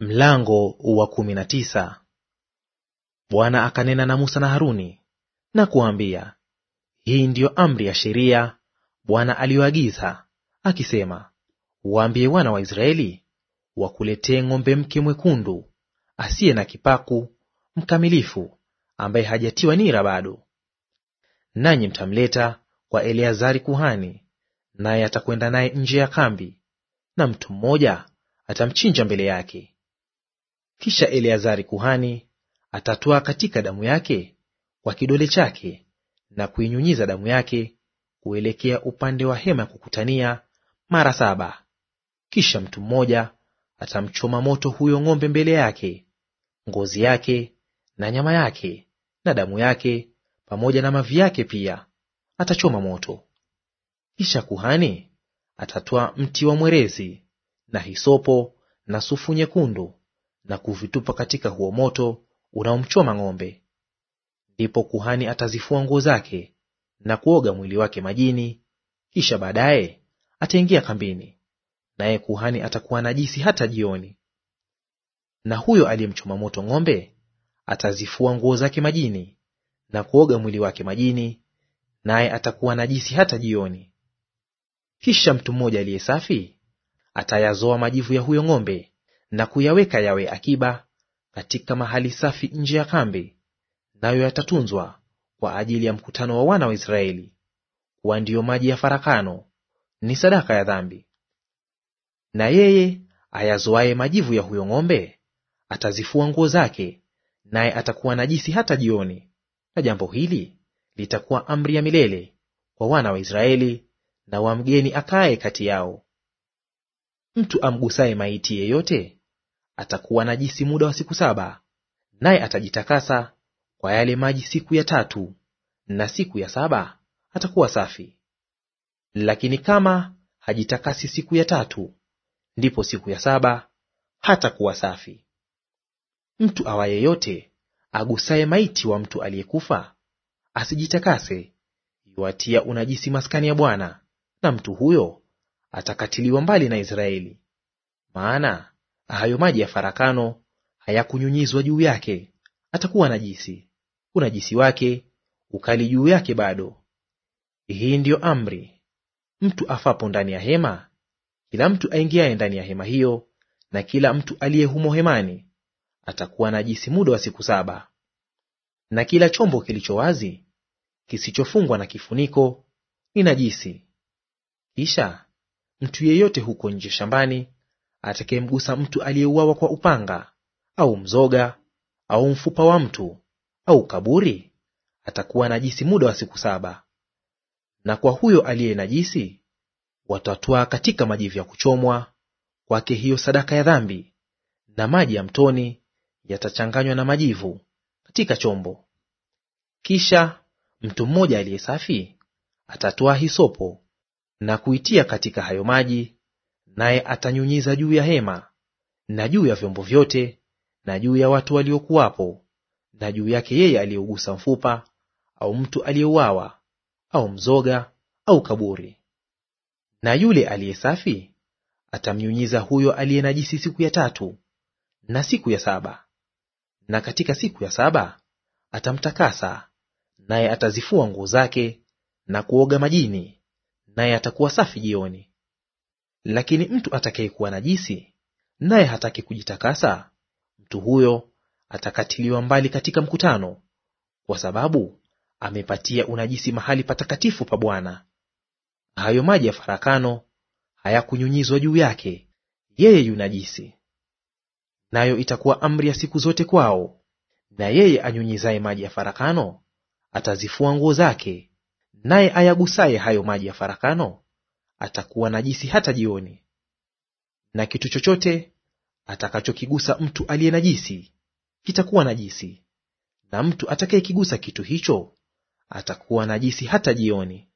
Mlango wa kumi na tisa. Bwana akanena na Musa na Haruni na kuambia, hii ndiyo amri ya sheria Bwana aliyoagiza akisema, waambie wana wa Israeli wakuletee ng'ombe mke mwekundu asiye na kipaku mkamilifu, ambaye hajatiwa nira bado. Nanyi mtamleta kwa Eleazari kuhani, naye atakwenda naye nje ya kambi, na mtu mmoja atamchinja mbele yake kisha Eleazari kuhani atatoa katika damu yake kwa kidole chake na kuinyunyiza damu yake kuelekea upande wa hema ya kukutania mara saba. Kisha mtu mmoja atamchoma moto huyo ng'ombe mbele yake, ngozi yake na nyama yake na damu yake pamoja na mavi yake pia atachoma moto. Kisha kuhani atatoa mti wa mwerezi na hisopo na sufu nyekundu na kuvitupa katika huo moto unaomchoma ng'ombe. Ndipo kuhani atazifua nguo zake na kuoga mwili wake majini, kisha baadaye ataingia kambini, naye kuhani atakuwa najisi hata jioni. Na huyo aliyemchoma moto ng'ombe atazifua nguo zake majini na kuoga mwili wake majini, naye atakuwa najisi hata jioni. Kisha mtu mmoja aliye safi atayazoa majivu ya huyo ng'ombe na kuyaweka yawe akiba katika mahali safi nje ya kambi, nayo yatatunzwa kwa ajili ya mkutano wa wana wa Israeli, kuwa ndiyo maji ya farakano, ni sadaka ya dhambi. Na yeye ayazoaye majivu ya huyo ng'ombe atazifua nguo zake, naye atakuwa najisi hata jioni. Na jambo hili litakuwa amri ya milele kwa wana wa Israeli na wa mgeni akaaye kati yao. Mtu amgusaye maiti yeyote atakuwa najisi muda wa siku saba, naye atajitakasa kwa yale maji siku ya tatu, na siku ya saba atakuwa safi. Lakini kama hajitakasi siku ya tatu, ndipo siku ya saba hatakuwa safi. Mtu awaye yote agusaye maiti wa mtu aliyekufa asijitakase, yuatia unajisi maskani ya Bwana, na mtu huyo atakatiliwa mbali na Israeli. Maana hayo maji ya farakano hayakunyunyizwa juu yake, atakuwa najisi; unajisi wake ukali juu yake bado. Hii ndiyo amri. Mtu afapo ndani ya hema, kila mtu aingiaye ndani ya hema hiyo na kila mtu aliye humo hemani atakuwa najisi muda wa siku saba. Na kila chombo kilicho wazi kisichofungwa na kifuniko ni najisi. Kisha mtu yeyote huko nje shambani atakayemgusa mtu aliyeuawa kwa upanga au mzoga au mfupa wa mtu au kaburi atakuwa najisi muda wa siku saba. Na kwa huyo aliye najisi watatwaa katika majivu ya kuchomwa kwake hiyo sadaka ya dhambi, na maji ya mtoni yatachanganywa na majivu katika chombo. Kisha mtu mmoja aliye safi atatwaa hisopo na kuitia katika hayo maji naye atanyunyiza juu ya hema na juu ya vyombo vyote na juu ya watu waliokuwapo na juu yake yeye aliyeugusa mfupa au mtu aliyeuawa au mzoga au kaburi. Na yule aliye safi atamnyunyiza huyo aliye najisi siku ya tatu na siku ya saba, na katika siku ya saba atamtakasa, naye atazifua nguo zake na kuoga majini, naye atakuwa safi jioni. Lakini mtu atakayekuwa najisi naye hataki kujitakasa, mtu huyo atakatiliwa mbali katika mkutano, kwa sababu amepatia unajisi mahali patakatifu pa Bwana. Hayo maji ya farakano hayakunyunyizwa juu yake, yeye yunajisi. Nayo itakuwa amri ya siku zote kwao, na yeye anyunyizaye maji ya farakano atazifua nguo zake, naye ayagusaye hayo maji ya farakano atakuwa najisi hata jioni, na kitu chochote atakachokigusa mtu aliye najisi kitakuwa najisi, na mtu atakayekigusa kitu hicho atakuwa najisi hata jioni.